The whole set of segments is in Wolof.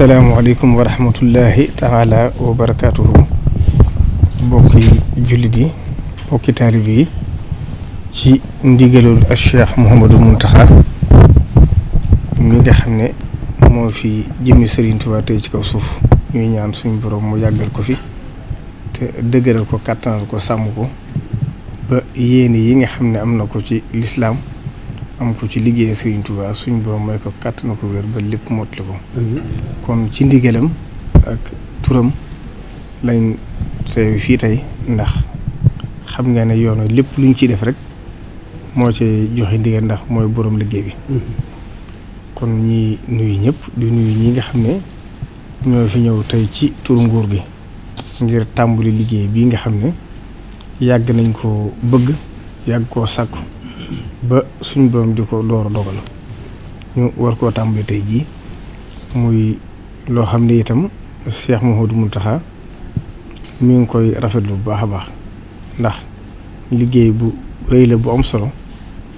asalaamualeykum wa rahmatullahi taala wa bokki jullit yi bokki taalib yi ci ndigalul ak Cheikh Mouhamadou Mountakha mi nga xam ne moo fi jëmmi Serigne Touba ci kaw suuf ñuy ñaan suñu boroom mu yàggal ko fi te dëgëral ko kàttanal ko sàmm ko ba yéene yi nga xam ne am na ko ci lislaam am ko ci liggéey Serigne Touba suñ borom mooy ko kàtt ko wér lépp mottali ko mhm. kon ci ndigalam ak turam lañ fii tey ndax xam nga ne yoon lépp luñ ciy def rek moo ci joxe ndigal ndax mooy borom liggéey bi mhm. kon ñi nuyu ñëpp di nuyu ñi nga xam ne ñoo fi ñëw tey ci turu nguur gi ngir tàmbali liggéey bii nga xam ne yàgg nañ koo bëgg yàgg koo sàkku ba suñ borom di ko door a dogal ñu war koo tàmbali tey jii muy loo xam ne itam Cheikh Mouhamadou Mountakha mi ngi koy rafet bu baax a baax ndax liggéey bu rëy la bu am solo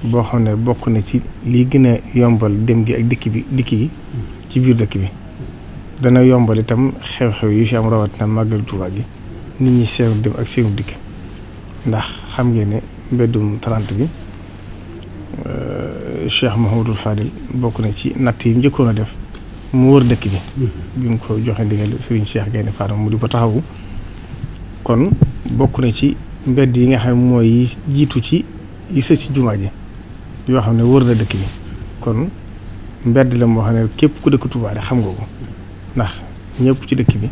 boo xam ne bokk na ci lii gën a yombal dem gi ak dikk bi dikk yi ci biir dëkk bi dana yombal itam xew-xew yi fi am rawatina màggal Tuubaa gi nit ñi seenu dem ak seenu dikk ndax xam ngeen ne mbeddum 30 bi Cheikh Mahamadul Fadil bokk na ci natt yi mu njëkkoon a def mu wër dëkk bi. Mm-hmm. bi mu ko joxe ndigal sëriñ Cheikh Gaynde Fatma mu di ko taxawu. kon bokk na ci mbedd yi nga xam ne mooy jiitu ci yi sës ci jumaa ji yoo xam ne wër na dëkk bi kon mbedd la moo xam ne képp ku dëkk Touba xam nga ko ndax ñëpp ci dëkk bi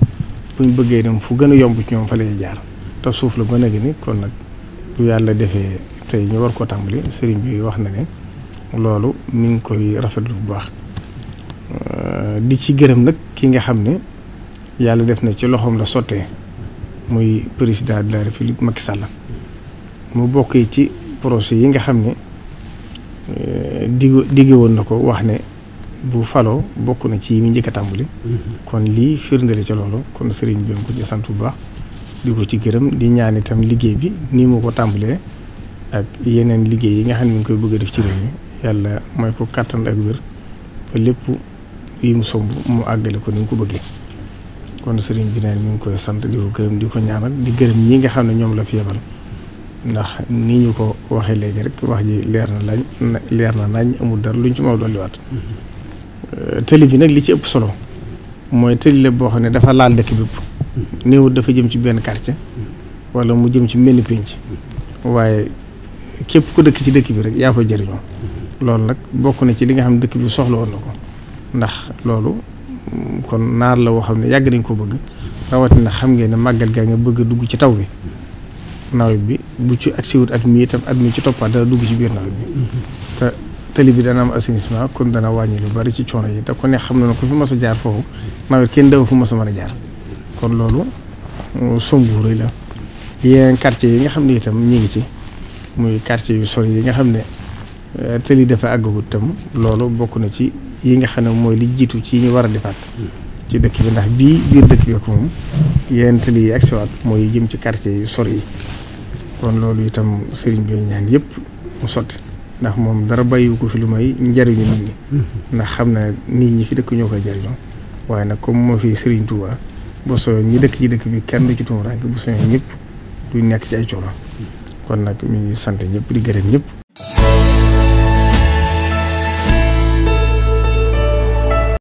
buñ bëggee dem fu gën a yomb ci ñoom fa lañuy jaar te suuf la ba nag ni kon nag bu yàlla defee tey ñu war koo tàmbali sëriñ bi wax na loolu mu ngi koy rafetlu bu baax euh, di ci gërëm nag ki nga xam ne yàlla def na ci loxoom la sottee muy président de la république Macky Sall mu bokkee ci projet yi nga xam ne euh, digg digg woon na ko wax ne bu faloo bokk na ci yi mu njëkk a tàmbali mm-hmm. kon lii firndale ci loolu kon sëriñ bi ko ci sant bu baax di ko ci gërëm di ñaan itam liggéey bi nii mu ko tàmbalee ak yeneen liggéey yi nga xam ne mi ngi koy bëgg a def ci réew mi yàlla mooy ko kàttan ak wér ba lépp yi mu somb mu àggale ko ni mu ko bëggee kon sëriñ bi naan mi ngi koy sant di ko gërëm di ko ñaanal di gërëm ñi nga xam ne ñoom la fi yebal ndax ni ñu ko waxee léegi rek wax ji leer na lañ leer na nañ amul dara luñ ci mën a waat mm-hmm. tëli bi nag li ci ëpp solo mooy tëli la boo xam ne dafa laal dëkk bépp mm-hmm. néewut dafa jëm ci benn quartier mm-hmm. wala mu jëm ci benn pénc waaye képp ku dëkk ci dëkk bi rek yaa ko jëriñoo. loolu nag bokk na ci li nga xam dëkk bi soxla woon na ko ndax loolu kon naar la woo xam ne yàgg nañ ko bëgg na xam ngeen ne màggal gaa nga bëgg a dugg ci taw bi nawet bi bu ci ak siwut at mi itam at mi ci toppaat dana dugg ci biir nawet bi te tali bi dana am assainissement kon dana wàññi lu bari ci coono yi te ku ne xam na ne ko fi mos a jaar foofu nawet kenn daw fu mos a mën a jaar kon loolu sombu rëy la yeneen quartier yi nga xam ne itam ñu ngi ci muy quartier yu sori yi nga xam ne Euh, tëli dafa àggagut tam loolu bokk na ci yi nga xam ne mooy li jiitu ci ñu war a defaat ci dëkk bi ndax bii biir dëkk bi ko moom yenn tëli yi agsiwaat mooy jëm ci quartier yu yi kon loolu itam sëriñ bi yëpp mu sotti ndax moom dara bàyyiwu ko fi lu may njariñu nit ñi ndax xam na nit ñi fi dëkk ñoo koy jariñoo waaye nag comme moo fi sëriñ Touba bu soobee ñi dëkk ci dëkk bi kenn du ci tumuraanke bu soobee ñëpp du nekk ci ay coono kon nag mi ngi sant ñëpp di gërëm ñëpp